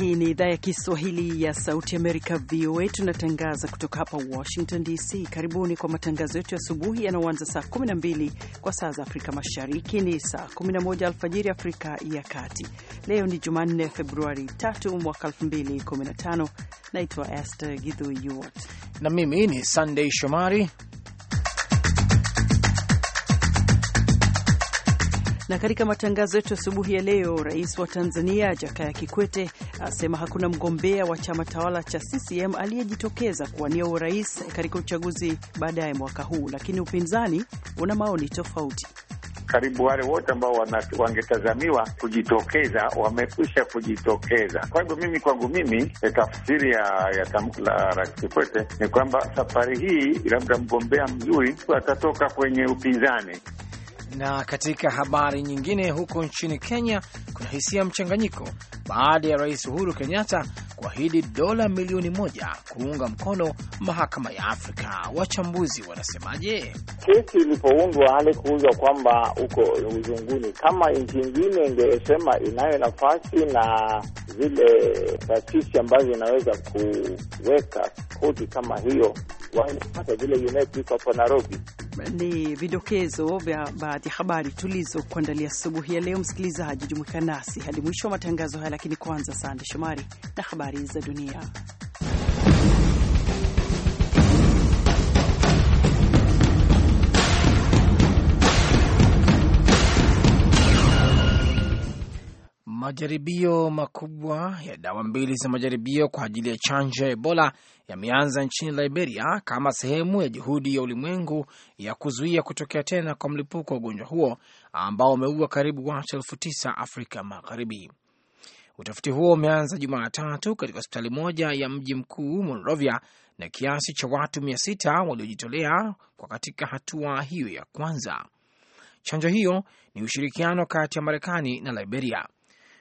Hii ni idhaa ya Kiswahili ya Sauti Amerika, VOA. Tunatangaza kutoka hapa Washington DC. Karibuni kwa matangazo yetu ya asubuhi yanaoanza saa 12 kwa saa za Afrika Mashariki, ni saa 11 alfajiri Afrika ya Kati. Leo ni Jumanne, Februari 3 mwaka 2015. Naitwa Esther Githu na mimi ni sandei Shomari Na katika matangazo yetu asubuhi ya leo, rais wa Tanzania Jakaya Kikwete asema hakuna mgombea wa chama tawala cha CCM aliyejitokeza kuwania urais katika uchaguzi baadaye mwaka huu, lakini upinzani una maoni tofauti. Karibu wale wote ambao wangetazamiwa kujitokeza wamekwisha kujitokeza. Kwa hivyo mimi kwangu mimi e, tafsiri ya, ya tamko la rais Kikwete ni kwamba safari hii labda mgombea mzuri atatoka kwenye upinzani. Na katika habari nyingine, huko nchini Kenya kuna hisia mchanganyiko baada ya Rais Uhuru Kenyatta kuahidi dola milioni moja kuunga mkono mahakama ya Afrika. Wachambuzi wanasemaje? Kesi ilipoundwa alikuuzwa kwamba huko uzunguni. Kama nchi ingine ingesema inayo nafasi na zile taasisi ambazo inaweza kuweka kodi kama hiyo, wanapata vile UNEP hapo Nairobi. Ni vidokezo vya baadhi ya habari tulizokuandalia asubuhi ya leo. Msikilizaji, jumuika nasi hadi mwisho wa matangazo haya, lakini kwanza, Sande Shomari na habari za dunia. Majaribio makubwa ya dawa mbili za majaribio kwa ajili ya chanjo ya Ebola yameanza nchini Liberia kama sehemu ya juhudi ya ulimwengu ya kuzuia kutokea tena kwa mlipuko wa ugonjwa huo ambao umeua karibu watu elfu tisa Afrika Magharibi. Utafiti huo umeanza Jumatatu katika hospitali moja ya mji mkuu Monrovia, na kiasi cha watu mia sita waliojitolea kwa katika hatua hiyo ya kwanza. Chanjo hiyo ni ushirikiano kati ya Marekani na Liberia.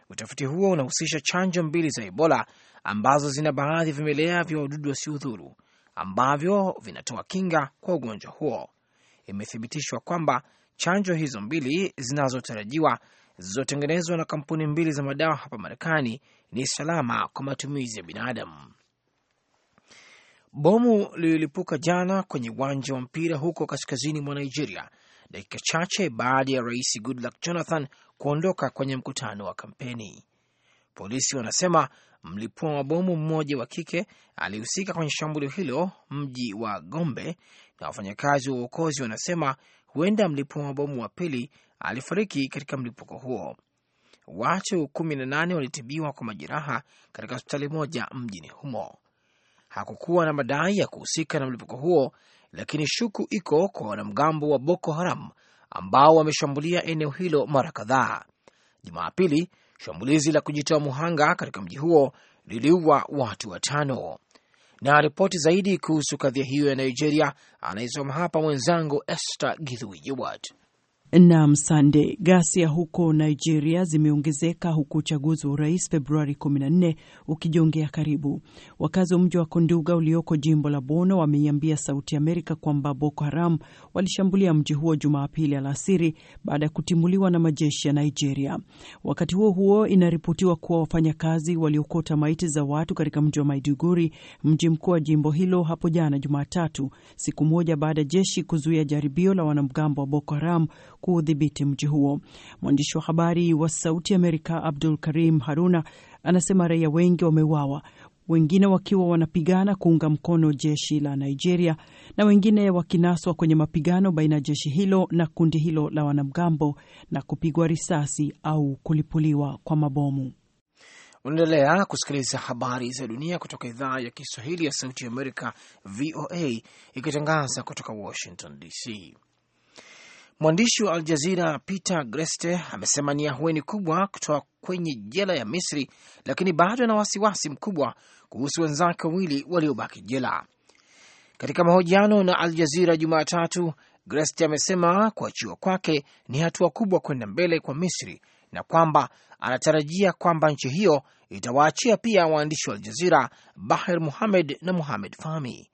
Utafiti huo unahusisha chanjo mbili za Ebola ambazo zina baadhi ya vimelea vya wadudu wasiodhuru ambavyo vinatoa kinga kwa ugonjwa huo. Imethibitishwa kwamba chanjo hizo mbili zinazotarajiwa zilizotengenezwa na kampuni mbili za madawa hapa Marekani ni salama kwa matumizi ya binadamu. Bomu lililipuka jana kwenye uwanja wa mpira huko kaskazini mwa Nigeria dakika chache baada ya rais Goodluck Jonathan kuondoka kwenye mkutano wa kampeni. Polisi wanasema mlipua mabomu mmoja wa kike alihusika kwenye shambulio hilo mji wa Gombe, na wafanyakazi wa uokozi wanasema huenda mlipua mabomu wa pili alifariki katika mlipuko huo. Watu kumi na nane walitibiwa kwa majeraha katika hospitali moja mjini humo. Hakukuwa na madai ya kuhusika na mlipuko huo, lakini shuku iko kwa wanamgambo wa Boko Haram ambao wameshambulia eneo hilo mara kadhaa. Jumapili, shambulizi la kujitoa muhanga katika mji huo liliua watu watano. Na ripoti zaidi kuhusu kadhia hiyo ya Nigeria anaisoma hapa mwenzangu Esther Githui na sande. Ghasia huko Nigeria zimeongezeka huku uchaguzi wa urais Februari 14 ukijongea karibu. Wakazi wa mji wa Konduga ulioko jimbo la Bono wameiambia Sauti Amerika kwamba Boko Haram walishambulia mji huo Jumapili alasiri baada ya kutimuliwa na majeshi ya Nigeria. Wakati huo huo, inaripotiwa kuwa wafanyakazi waliokota maiti za watu katika mji wa Maiduguri, mji mkuu wa jimbo hilo, hapo jana Jumatatu, siku moja baada ya jeshi kuzuia jaribio la wanamgambo wa Boko Haram kuudhibiti mji huo. Mwandishi wa habari wa Sauti Amerika Abdul Karim Haruna anasema raia wengi wameuawa, wengine wakiwa wanapigana kuunga mkono jeshi la Nigeria na wengine wakinaswa kwenye mapigano baina ya jeshi hilo na kundi hilo la wanamgambo na kupigwa risasi au kulipuliwa kwa mabomu. Unaendelea kusikiliza habari za dunia kutoka idhaa ya Kiswahili ya Sauti ya Amerika, VOA, ikitangaza kutoka Washington DC. Mwandishi wa aljazira Peter Greste amesema ni ahueni kubwa kutoka kwenye jela ya Misri, lakini bado ana wasiwasi mkubwa kuhusu wenzake wawili waliobaki jela. Katika mahojiano na Al Jazira Jumatatu, Greste amesema kuachiwa kwake ni hatua kubwa kwenda mbele kwa Misri na kwamba anatarajia kwamba nchi hiyo itawaachia pia waandishi wa Al Jazira Bahir Muhamed na Muhamed Fahmi.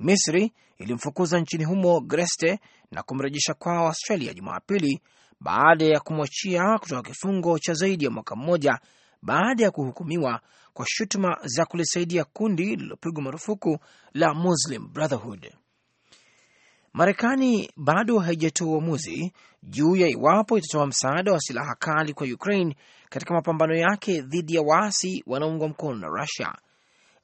Misri ilimfukuza nchini humo Greste na kumrejesha kwao Australia Jumapili baada ya kumwachia kutoka kifungo cha zaidi ya mwaka mmoja baada ya kuhukumiwa kwa shutuma za kulisaidia kundi lililopigwa marufuku la Muslim Brotherhood. Marekani bado haijatoa uamuzi juu ya iwapo itatoa msaada wa silaha kali kwa Ukraine katika mapambano yake dhidi ya waasi wanaoungwa mkono na Rusia,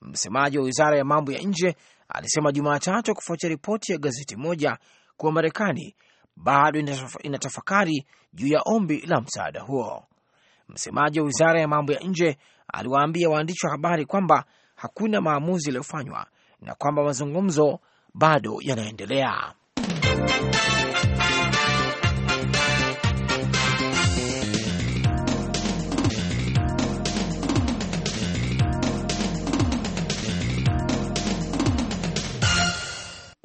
Msemaji wa wizara ya mambo ya nje alisema Jumatatu kufuatia ripoti ya gazeti moja kuwa Marekani bado inatafakari juu ya ombi la msaada huo. Msemaji wa wizara ya mambo ya nje aliwaambia waandishi wa habari kwamba hakuna maamuzi yaliyofanywa na kwamba mazungumzo bado yanaendelea.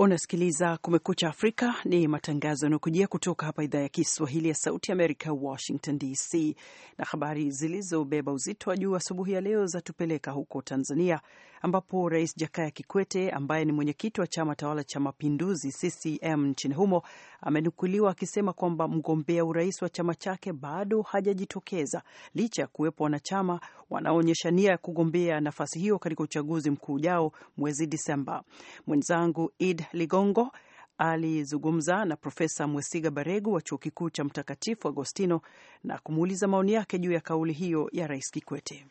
Unasikiliza Kumekucha Afrika, ni matangazo yanayokujia kutoka hapa idhaa ya Kiswahili ya Sauti Amerika, Washington DC. Na habari zilizobeba uzito wa juu asubuhi ya leo za tupeleka huko Tanzania, ambapo Rais Jakaya Kikwete ambaye ni mwenyekiti wa chama tawala cha mapinduzi CCM nchini humo amenukuliwa akisema kwamba mgombea urais wa chama chake bado hajajitokeza licha ya kuwepo wanachama wanaoonyesha nia ya kugombea nafasi hiyo katika uchaguzi mkuu ujao mwezi Disemba. Mwenzangu Id Ligongo alizungumza na Profesa Mwesiga Baregu wa chuo kikuu cha Mtakatifu Agostino na kumuuliza maoni yake juu ya kauli hiyo ya Rais Kikwete.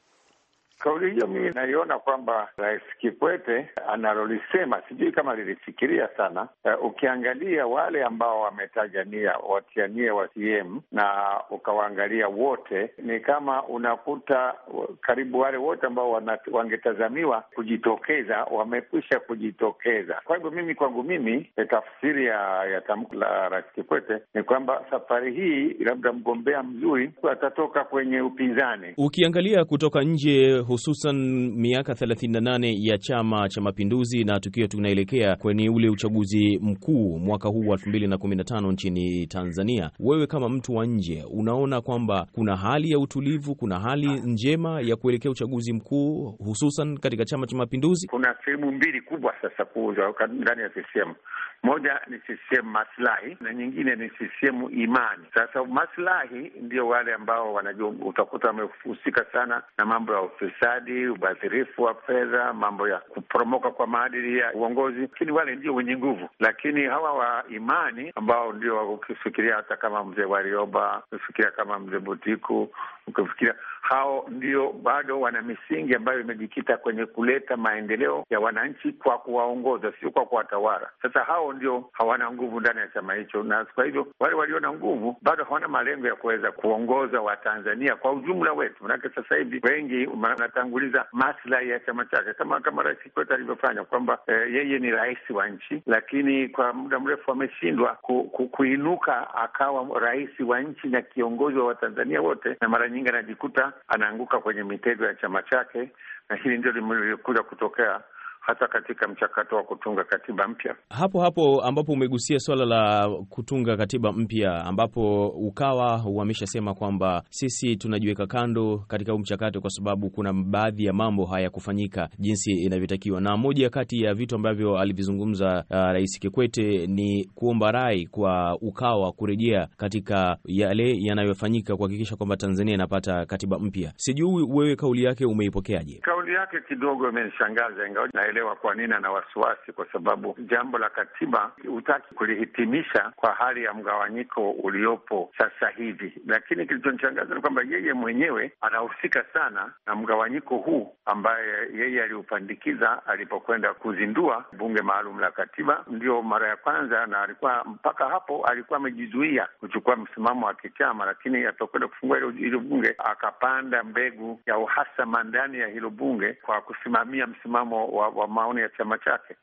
Kauli hiyo mimi naiona kwamba Rais Kikwete analolisema sijui kama lilifikiria sana. Uh, ukiangalia wale ambao wametajania watiania wa CM na ukawaangalia wote, ni kama unakuta karibu wale wote ambao wangetazamiwa kujitokeza wamekwisha kujitokeza. Kwa hivyo mimi kwangu mimi eh, tafsiri ya, ya tamko la Rais Kikwete ni kwamba safari hii labda mgombea mzuri atatoka kwenye upinzani. Ukiangalia kutoka nje hususan miaka 38 ya Chama cha Mapinduzi, na tukiwa tunaelekea kwenye ule uchaguzi mkuu mwaka huu wa 2015 nchini Tanzania, wewe kama mtu wa nje unaona kwamba kuna hali ya utulivu, kuna hali njema ya kuelekea uchaguzi mkuu hususan katika Chama cha Mapinduzi? Kuna sehemu mbili kubwa sasa kuuzwa ndani ya CCM. Moja ni CCM maslahi na nyingine ni CCM imani. Sasa maslahi ndio wale ambao wanajua, utakuta wamehusika sana na mambo ya ufisadi, ubadhirifu wa fedha, mambo ya kuporomoka kwa maadili ya uongozi, lakini wale ndio wenye nguvu. Lakini hawa wa imani ambao ndio ukifikiria hata kama mzee Warioba, ukifikiria kama mzee Butiku, ukifikiria hao ndio bado wana misingi ambayo imejikita kwenye kuleta maendeleo ya wananchi kwa kuwaongoza, sio kwa kuwatawala. Sasa hao ndio hawana nguvu ndani ya chama hicho, na kwa hivyo wale walio na nguvu bado hawana malengo ya kuweza kuongoza Watanzania kwa ujumla wetu, manake sasa hivi wengi wanatanguliza maslahi ya chama chake, kama kama Rais Kikwete alivyofanya kwamba e, yeye ni rais wa nchi, lakini kwa muda mrefu ameshindwa ku, ku, kuinuka akawa rais wa nchi na kiongozi wa Watanzania wote, na mara nyingi anajikuta anaanguka kwenye mitego ya chama chake, na hili ndio limekuja kutokea hata katika mchakato wa kutunga katiba mpya. Hapo hapo ambapo umegusia swala la kutunga katiba mpya, ambapo Ukawa wameshasema kwamba sisi tunajiweka kando katika huu mchakato kwa sababu kuna baadhi ya mambo hayakufanyika jinsi inavyotakiwa, na moja kati ya vitu ambavyo alivizungumza uh, Rais Kikwete ni kuomba rai kwa Ukawa kurejea katika yale yanayofanyika kuhakikisha kwamba Tanzania inapata katiba mpya. Sijui wewe kauli yake umeipokeaje? Kauli yake kidogo imenishangaza ingawa kuelewa kwa nini ana wasiwasi, kwa sababu jambo la katiba hutaki kulihitimisha kwa hali ya mgawanyiko uliopo sasa hivi. Lakini kilichonishangaza ni kwamba yeye mwenyewe anahusika sana na mgawanyiko huu ambaye yeye aliupandikiza alipokwenda kuzindua bunge maalum la katiba. Ndio mara ya kwanza, na alikuwa mpaka hapo alikuwa amejizuia kuchukua msimamo wa kichama, lakini alipokwenda kufungua hilo bunge akapanda mbegu ya uhasama ndani ya hilo bunge kwa kusimamia msimamo wa, wa maoni ya chama chake.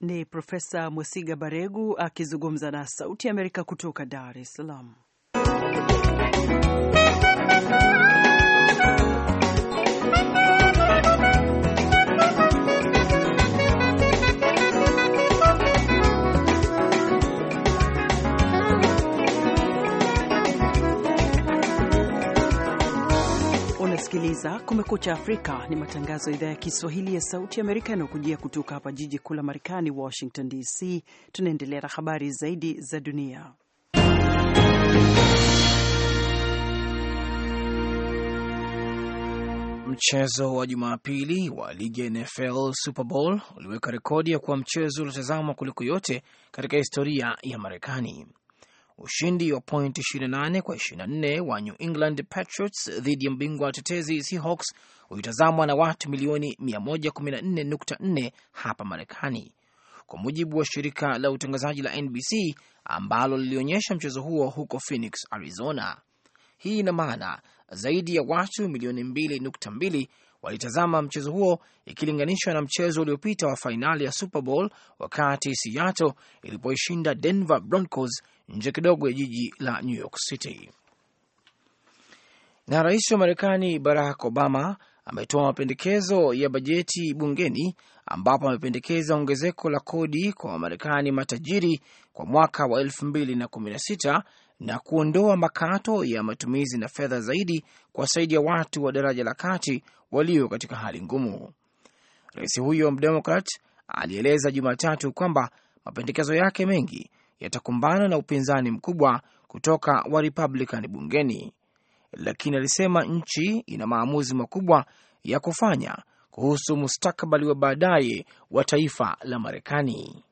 Ni Profesa Mwesiga Baregu akizungumza na Sauti ya Amerika kutoka Dar es Salaam. unasikiliza Kumekucha Afrika ni matangazo ya idhaa ya Kiswahili ya Sauti ya Amerika yanayokujia kutoka hapa jiji kuu la Marekani, Washington DC. Tunaendelea na habari zaidi za dunia. Mchezo wa Jumapili wa ligi ya NFL Super Bowl uliweka rekodi ya kuwa mchezo uliotazamwa kuliko yote katika historia ya Marekani. Ushindi wa point 28 kwa 24 wa New England Patriots dhidi ya mabingwa watetezi Seahawks ulitazamwa na watu milioni 114.4 hapa Marekani, kwa mujibu wa shirika la utangazaji la NBC ambalo lilionyesha mchezo huo huko Phoenix, Arizona. Hii ina maana zaidi ya watu milioni 2.2 walitazama mchezo huo ikilinganishwa na mchezo uliopita wa fainali ya Super Bowl wakati Seattle ilipoishinda Denver Broncos nje kidogo ya jiji la New York City. Na rais wa Marekani Barack Obama ametoa mapendekezo ya bajeti bungeni ambapo amependekeza ongezeko la kodi kwa Wamarekani matajiri kwa mwaka wa 2016 na kuondoa makato ya matumizi na fedha zaidi kwa ya watu wa daraja la kati walio katika hali ngumu. Rais huyo Mdemokrat alieleza Jumatatu kwamba mapendekezo yake mengi yatakumbana na upinzani mkubwa kutoka wa Republican bungeni, lakini alisema nchi ina maamuzi makubwa ya kufanya kuhusu mustakabali wa baadaye wa taifa la Marekani.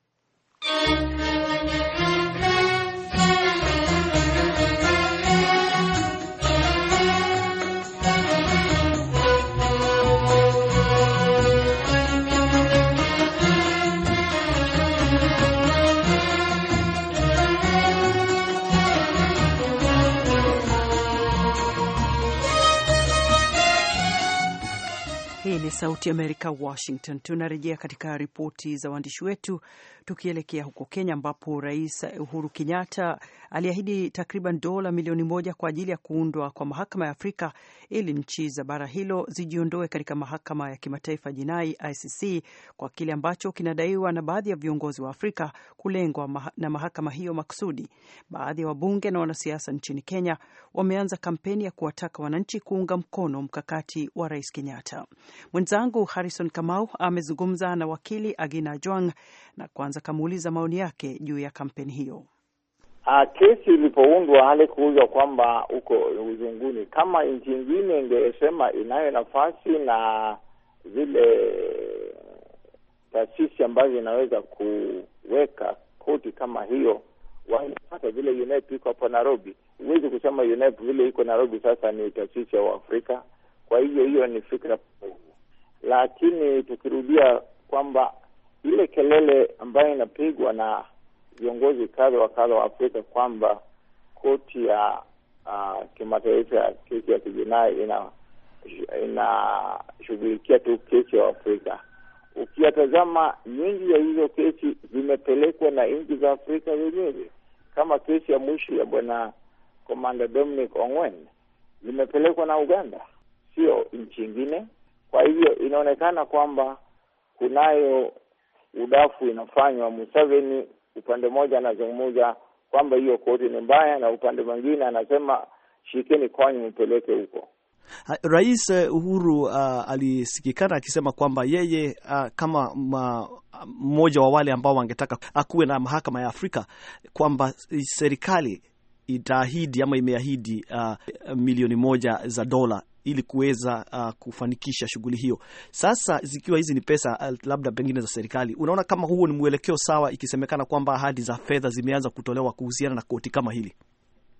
Kiswahili, Sauti Amerika, Washington. Tunarejea katika ripoti za waandishi wetu, tukielekea huko Kenya ambapo Rais Uhuru Kenyatta aliahidi takriban dola milioni moja kwa ajili ya kuundwa kwa mahakama ya Afrika ili nchi za bara hilo zijiondoe katika mahakama ya kimataifa jinai ICC kwa kile ambacho kinadaiwa na baadhi ya viongozi wa Afrika kulengwa na mahakama hiyo maksudi. Baadhi ya wabunge na wanasiasa nchini Kenya wameanza kampeni ya kuwataka wananchi kuunga mkono mkakati wa Rais Kenyatta. Mwenzangu Harrison Kamau amezungumza na wakili Agina Jwang na kwanza kamuuliza maoni yake juu ya kampeni hiyo. Uh, kesi ilipoundwa hali kuuzwa kwamba huko uzunguni, kama nchi ingine ingesema inayo nafasi na zile taasisi ambazo inaweza kuweka koti kama hiyo, wanapata vile UNEP iko hapo Nairobi. Huwezi kusema UNEP vile iko Nairobi sasa ni taasisi ya Uafrika. Kwa hivyo hiyo ni fikra lakini tukirudia kwamba ile kelele ambayo inapigwa na viongozi kadha wa kadha wa Afrika kwamba koti ya uh, kimataifa ya kesi ya kijinai ina inashughulikia tu kesi ya Afrika. Ukiyatazama, nyingi ya hizo kesi zimepelekwa na nchi za Afrika zenyewe, kama kesi ya mwisho ya bwana komanda Dominic Ongwen zimepelekwa na Uganda, sio nchi ingine. Kwa hivyo inaonekana kwamba kunayo udafu inafanywa. Museveni upande mmoja anazungumza kwamba hiyo koti ni mbaya, na upande mwingine anasema shikeni kwanyu mpeleke huko. Rais eh, Uhuru uh, alisikikana akisema kwamba yeye uh, kama mmoja wa wale ambao wangetaka akuwe na mahakama ya Afrika, kwamba serikali itaahidi ama imeahidi uh, milioni moja za dola ili kuweza uh, kufanikisha shughuli hiyo. Sasa zikiwa hizi ni pesa uh, labda pengine za serikali, unaona kama huo ni mwelekeo sawa, ikisemekana kwamba ahadi za fedha zimeanza kutolewa kuhusiana na koti kama hili?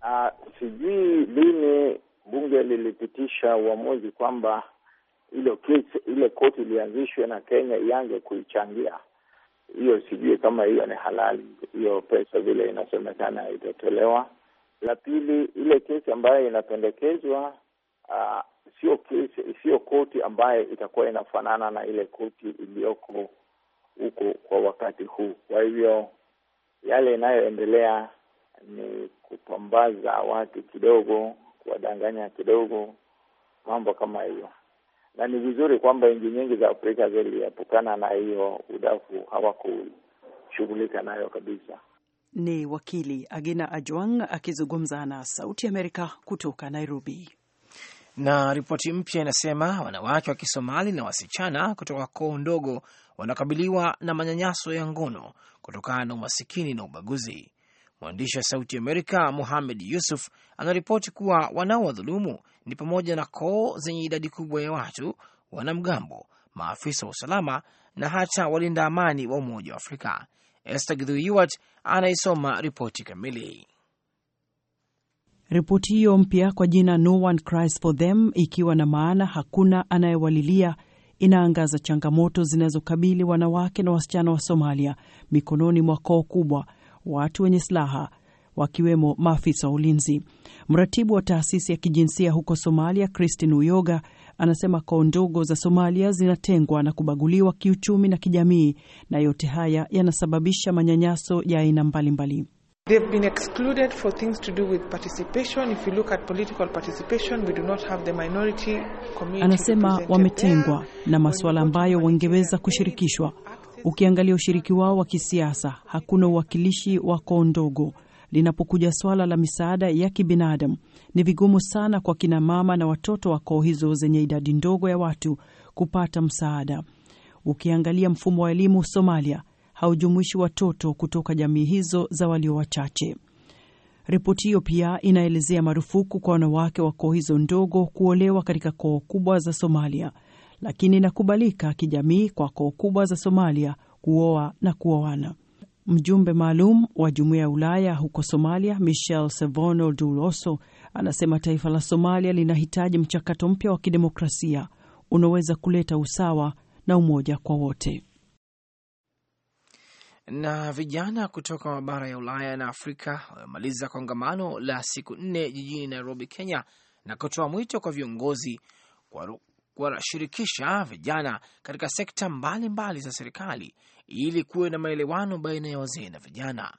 Uh, sijui lini bunge lilipitisha uamuzi kwamba ile ile koti ilianzishwe na Kenya ianze kuichangia hiyo. Sijui kama hiyo ni halali, hiyo pesa vile inasemekana itatolewa la pili, ile kesi ambayo inapendekezwa uh, sio kesi, sio koti ambayo itakuwa inafanana na ile koti iliyoko huko kwa wakati huu. Kwa hivyo yale inayoendelea ni kupambaza watu kidogo, kuwadanganya kidogo, mambo kama hiyo. Na ni vizuri kwamba nchi nyingi za Afrika ziliepukana na hiyo udafu, hawakushughulika nayo kabisa. Ni wakili Agina Ajwang akizungumza na Sauti ya Amerika kutoka Nairobi. Na ripoti mpya inasema wanawake wa Kisomali na wasichana kutoka koo ndogo wanakabiliwa na manyanyaso ya ngono kutokana na umasikini na ubaguzi. Mwandishi wa Sauti Amerika Muhamed Yusuf anaripoti kuwa wanaowadhulumu ni pamoja na koo zenye idadi kubwa ya watu, wanamgambo, maafisa wa usalama na hata walinda amani wa Umoja wa Afrika. Esther Githuiwat anaisoma ripoti kamili. Ripoti hiyo mpya kwa jina No One Cries for Them, ikiwa na maana hakuna anayewalilia, inaangaza changamoto zinazokabili wanawake na wasichana wa Somalia mikononi mwa koo kubwa, watu wenye silaha wakiwemo maafisa wa ulinzi. Mratibu wa taasisi ya kijinsia huko Somalia, Christine Uyoga, Anasema koo ndogo za Somalia zinatengwa na kubaguliwa kiuchumi na kijamii, na yote haya yanasababisha manyanyaso ya aina mbalimbali. They've been excluded for things to do with participation. If you look at political participation, we do not have the minority community. Anasema wametengwa na masuala ambayo wangeweza kushirikishwa. Ukiangalia ushiriki wao wa kisiasa, hakuna uwakilishi wa koo ndogo linapokuja swala la misaada ya kibinadamu, ni vigumu sana kwa kinamama na watoto wa koo hizo zenye idadi ndogo ya watu kupata msaada. Ukiangalia mfumo wa elimu Somalia haujumuishi watoto kutoka jamii hizo za walio wachache. Ripoti hiyo pia inaelezea marufuku kwa wanawake wa koo hizo ndogo kuolewa katika koo kubwa za Somalia, lakini inakubalika kijamii kwa koo kubwa za Somalia kuoa na kuoana. Mjumbe maalum wa jumuiya ya Ulaya huko Somalia, Michel Sevono Duroso, anasema taifa la Somalia linahitaji mchakato mpya wa kidemokrasia unaweza kuleta usawa na umoja kwa wote. Na vijana kutoka mabara ya Ulaya na Afrika wamemaliza kongamano la siku nne jijini Nairobi, Kenya, na kutoa mwito kwa viongozi kuwashirikisha vijana katika sekta mbalimbali mbali za serikali ili kuwe na maelewano baina ya wazee na vijana.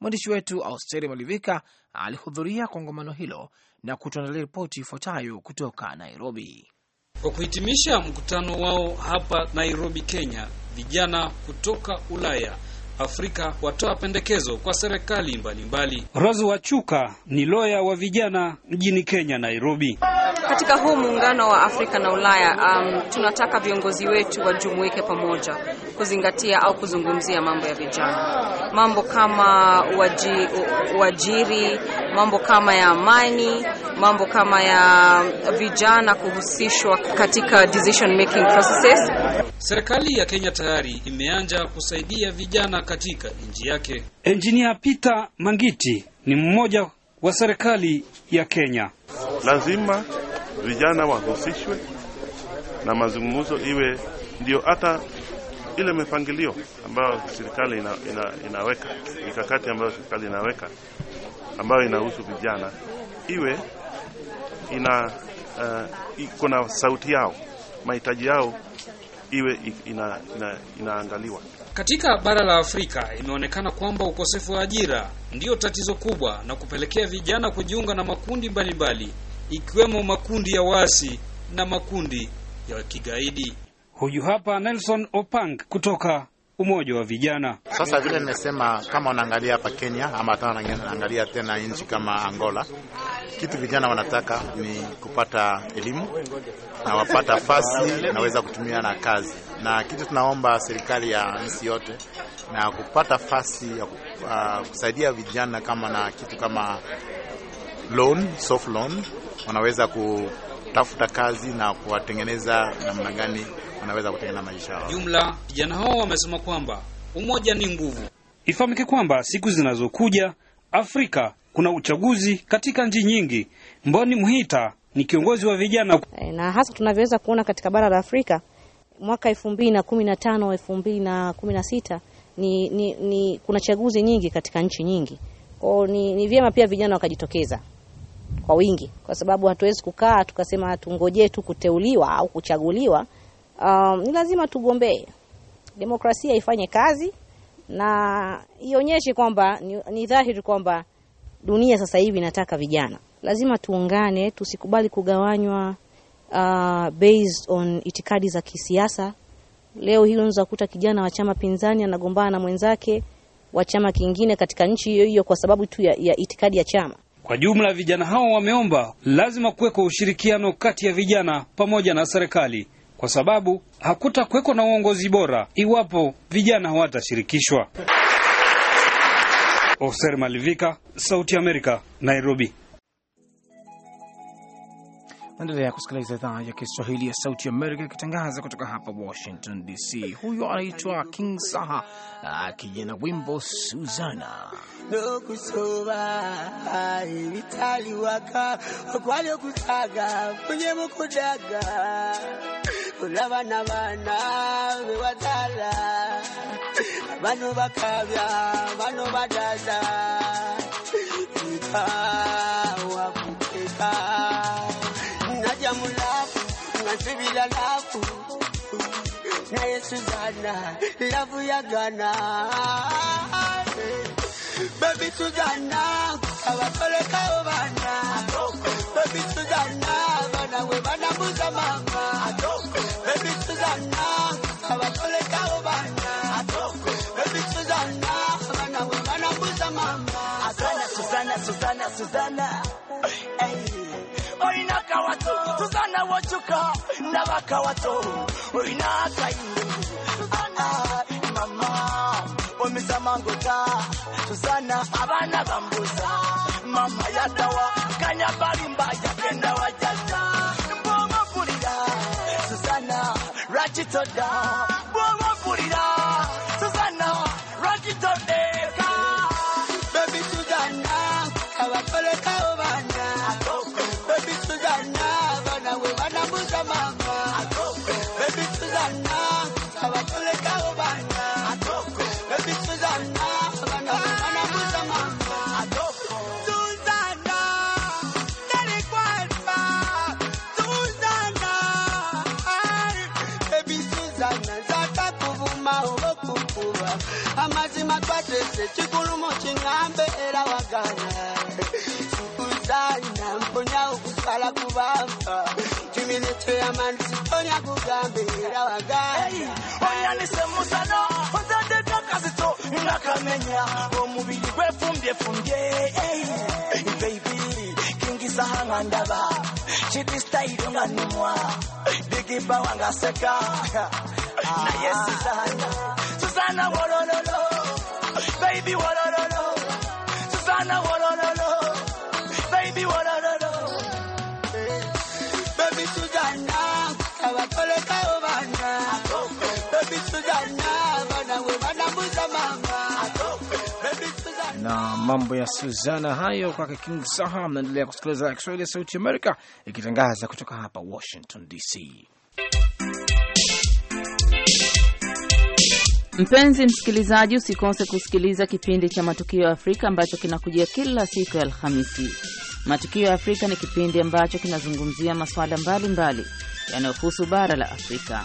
Mwandishi wetu Austeri Malivika alihudhuria kongamano hilo na kutuandalia ripoti ifuatayo kutoka Nairobi. Kwa kuhitimisha mkutano wao hapa Nairobi, Kenya, vijana kutoka Ulaya Afrika watoa pendekezo kwa serikali mbalimbali. Rose Wachuka ni loya wa vijana mjini Kenya, Nairobi. Katika huu muungano wa Afrika na Ulaya, um, tunataka viongozi wetu wajumuike pamoja kuzingatia au kuzungumzia mambo ya vijana, mambo kama uaji, uajiri, mambo kama ya amani, mambo kama ya vijana kuhusishwa katika decision making processes. Serikali ya Kenya tayari imeanza kusaidia vijana katika nchi yake. Engineer Peter Mangiti ni mmoja wa serikali ya Kenya. Lazima vijana wahusishwe na mazungumzo iwe ndio hata ile mipangilio ambayo serikali ina, ina, inaweka mikakati ambayo serikali inaweka ambayo inahusu vijana iwe ina uh, eh, iko na sauti yao, mahitaji yao iwe ina, ina, inaangaliwa. Katika bara la Afrika imeonekana kwamba ukosefu wa ajira ndiyo tatizo kubwa na kupelekea vijana kujiunga na makundi mbalimbali ikiwemo makundi ya waasi na makundi ya kigaidi. Huyu hapa Nelson Opang kutoka umoja wa vijana. Sasa vile nimesema, kama wanaangalia hapa Kenya ama hata wanaangalia tena nchi kama Angola, kitu vijana wanataka ni kupata elimu na wapata fasi naweza kutumia na kazi, na kitu tunaomba serikali ya nchi yote na kupata fasi ya uh, kusaidia vijana kama na kitu kama loan, soft loan, wanaweza kutafuta kazi na kuwatengeneza namna gani wanaweza kutegemea maisha yao. Jumla vijana hao wamesema kwamba umoja ni nguvu. Ifahamike kwamba siku zinazokuja Afrika kuna uchaguzi katika nchi nyingi. Mboni Mhita ni kiongozi wa vijana eh, na hasa tunavyoweza kuona katika bara la Afrika mwaka elfu mbili na kumi na tano elfu mbili na kumi na sita ni, ni, ni kuna chaguzi nyingi katika nchi nyingi kwao. Ni, ni vyema pia vijana wakajitokeza kwa wingi, kwa sababu hatuwezi kukaa tukasema tungojee tu kuteuliwa au kuchaguliwa um, ni lazima tugombee demokrasia ifanye kazi na ionyeshe kwamba ni, ni dhahiri kwamba dunia sasa hivi inataka vijana. Lazima tuungane, tusikubali kugawanywa uh, based on itikadi za kisiasa. Leo hii unaweza kukuta kijana wa chama pinzani anagombana na mwenzake wa chama kingine katika nchi hiyo hiyo kwa sababu tu ya, ya itikadi ya chama. Kwa jumla, vijana hao wameomba lazima kuweko ushirikiano kati ya vijana pamoja na serikali kwa sababu hakutakuweko na uongozi bora iwapo vijana hawatashirikishwa. Oser Malivika, Sauti ya Amerika, Nairobi. Naendelea kusikiliza idhaa ya Kiswahili ya Sauti Amerika ikitangaza kutoka hapa Washington DC. Huyu anaitwa King Saha akija wimbo Suzana lokusova vitaliwaka wakwaliokutaga kwenye mukudaga olavanavana vewadala vano vakavya vano vadada ikawakukeka Fibila lafu na Yesu Zana, lavu ya Ghana. Baby Suzana, abasole kao bana. Baby Suzana, bana we bana buza mama. Baby Suzana, abasole kao bana. Baby Suzana, bana we bana buza mama. Asana Suzana, Suzana, Suzana. Hey tuzana akawato tugana wokyuka oina olina ana mama omisa mangota tuzana abana bambuza mama yatawa, kanya balimba yagenda wajada bwobapulira tuzana lwaki todda bwobapulira tuzana rachitoda baby kingisa hanga ndaba chidi style nga nimwa bigiba wanga seka naye susana susana wolololo baby wolololo susana wolololo na mambo ya Suzana hayo kwake King Saha. Mnaendelea kusikiliza Kiswahili ya Sauti Amerika ikitangaza kutoka hapa Washington DC. Mpenzi msikilizaji, usikose kusikiliza kipindi cha Matukio ya Afrika ambacho kinakujia kila siku ya Alhamisi. Matukio ya Afrika ni kipindi ambacho kinazungumzia masuala mbalimbali yanayohusu bara la Afrika.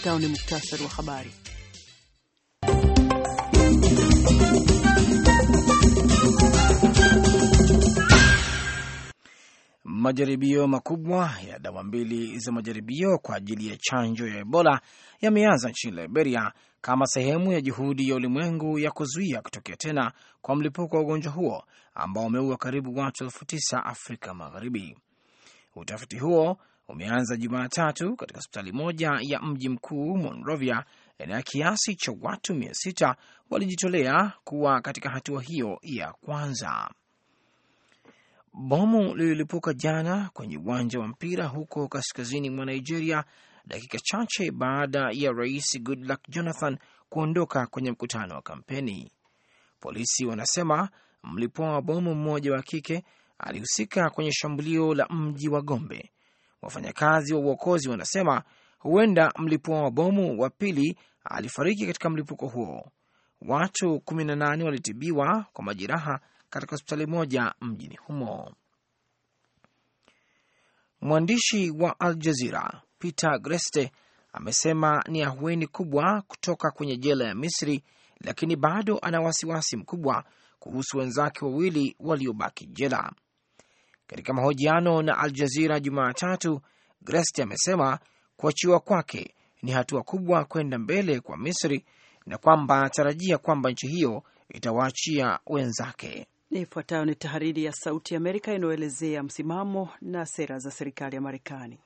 Ufuatao ni muktasari wa habari. Majaribio makubwa ya dawa mbili za majaribio kwa ajili ya chanjo ya Ebola yameanza nchini Liberia kama sehemu ya juhudi ya ulimwengu ya kuzuia kutokea tena kwa mlipuko wa ugonjwa huo ambao umeua karibu watu elfu tisa Afrika Magharibi. Utafiti huo umeanza Jumatatu katika hospitali moja ya mji mkuu Monrovia na kiasi cha watu mia sita walijitolea kuwa katika hatua hiyo ya kwanza. Bomu lililipuka jana kwenye uwanja wa mpira huko kaskazini mwa Nigeria, dakika chache baada ya rais Goodluck Jonathan kuondoka kwenye mkutano wa kampeni. Polisi wanasema mlipoa wa bomu mmoja wa kike alihusika kwenye shambulio la mji wa Gombe Wafanyakazi wa uokozi wanasema huenda mlipua wa bomu wa pili alifariki katika mlipuko huo. Watu 18 walitibiwa kwa majeraha katika hospitali moja mjini humo. Mwandishi wa Al Jazira Peter Greste amesema ni ahueni kubwa kutoka kwenye jela ya Misri, lakini bado ana wasiwasi mkubwa kuhusu wenzake wawili waliobaki jela. Katika mahojiano na Al Jazira Jumatatu, grest amesema kuachiwa kwake ni hatua kubwa kwenda mbele kwa Misri na kwamba anatarajia kwamba nchi hiyo itawaachia wenzake. Ni ifuatayo ni tahariri ya Sauti ya Amerika inayoelezea msimamo na sera za serikali ya Marekani.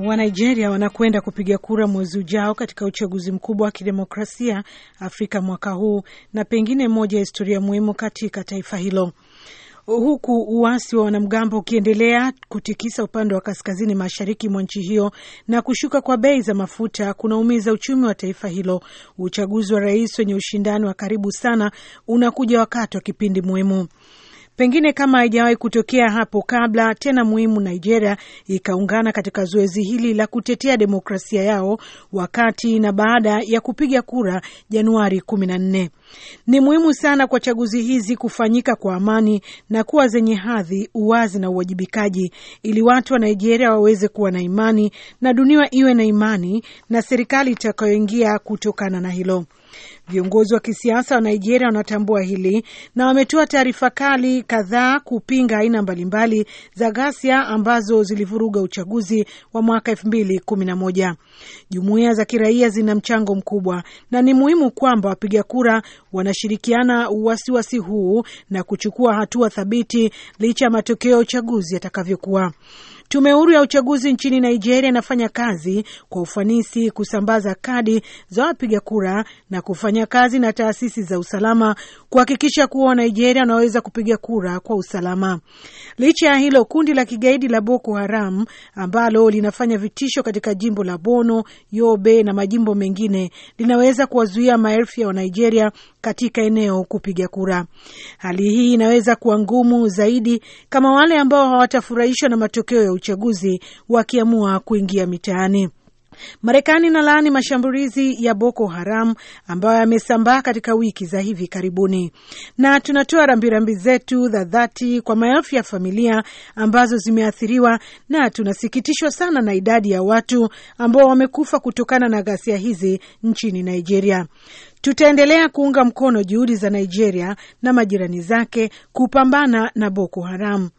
Wanigeria wanakwenda kupiga kura mwezi ujao katika uchaguzi mkubwa wa kidemokrasia Afrika mwaka huu na pengine moja ya historia muhimu katika taifa hilo. Huku uasi wa wanamgambo ukiendelea kutikisa upande wa kaskazini mashariki mwa nchi hiyo na kushuka kwa bei za mafuta kunaumiza uchumi wa taifa hilo, uchaguzi wa rais wenye ushindani wa karibu sana unakuja wakati wa kipindi muhimu pengine kama haijawahi kutokea hapo kabla. Tena muhimu Nigeria ikaungana katika zoezi hili la kutetea demokrasia yao wakati na baada ya kupiga kura Januari kumi na nne. Ni muhimu sana kwa chaguzi hizi kufanyika kwa amani na kuwa zenye hadhi, uwazi na uwajibikaji, ili watu wa Nigeria waweze kuwa na imani na dunia iwe na imani na serikali itakayoingia kutokana na hilo. Viongozi wa kisiasa wa Nigeria wanatambua hili na wametoa taarifa kali kadhaa kupinga aina mbalimbali za ghasia ambazo zilivuruga uchaguzi wa mwaka elfu mbili kumi na moja. Jumuiya za kiraia zina mchango mkubwa na ni muhimu kwamba wapiga kura wanashirikiana wasiwasi huu na kuchukua hatua thabiti licha ya matokeo ya uchaguzi yatakavyokuwa. Tume huru ya uchaguzi nchini Nigeria inafanya kazi kwa ufanisi kusambaza kadi za wapiga kura na kufanya kazi na taasisi za usalama kuhakikisha kuwa Wanigeria wanaweza kupiga kura kwa usalama. Licha ya hilo, kundi la kigaidi la Boko Haram ambalo linafanya vitisho katika jimbo la Bono, Yobe na majimbo mengine linaweza kuwazuia maelfu ya Wanigeria katika eneo kupiga kura. Hali hii inaweza kuwa ngumu zaidi kama wale ambao hawatafurahishwa na matokeo ya uchaguzi wakiamua kuingia mitaani. Marekani laani mashambulizi ya Boko Haram ambayo yamesambaa katika wiki za hivi karibuni, na tunatoa rambirambi zetu za dhati kwa maelfu ya familia ambazo zimeathiriwa, na tunasikitishwa sana na idadi ya watu ambao wamekufa kutokana na ghasia hizi nchini Nigeria. Tutaendelea kuunga mkono juhudi za Nigeria na majirani zake kupambana na Boko Haram.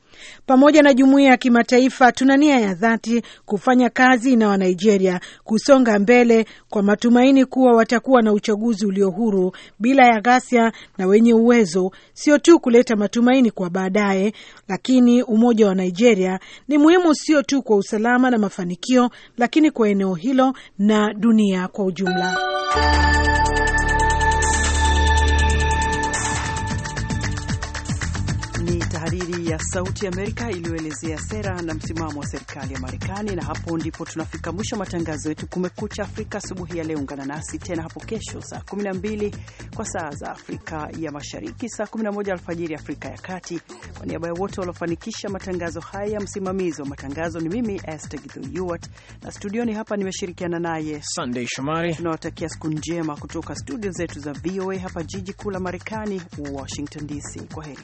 Pamoja na jumuiya ya kimataifa, tuna nia ya dhati kufanya kazi na Wanigeria kusonga mbele kwa matumaini kuwa watakuwa na uchaguzi ulio huru, bila ya ghasia na wenye uwezo, sio tu kuleta matumaini kwa baadaye, lakini umoja wa Nigeria ni muhimu sio tu kwa usalama na mafanikio, lakini kwa eneo hilo na dunia kwa ujumla. ya Sauti ya Amerika iliyoelezea sera na msimamo wa serikali ya Marekani. Na hapo ndipo tunafika mwisho matangazo yetu Kumekucha Afrika asubuhi ya leo. Ungana nasi tena hapo kesho saa 12 kwa saa za Afrika ya Mashariki, saa 11 alfajiri Afrika ya Kati. Kwa niaba ya wote waliofanikisha matangazo haya, msimamizi wa matangazo ni mimi Esther na studioni hapa nimeshirikiana naye Sandey Shomari. Tunawatakia siku njema kutoka studio zetu za VOA hapa jiji kuu la Marekani, Washington DC. Kwa heri.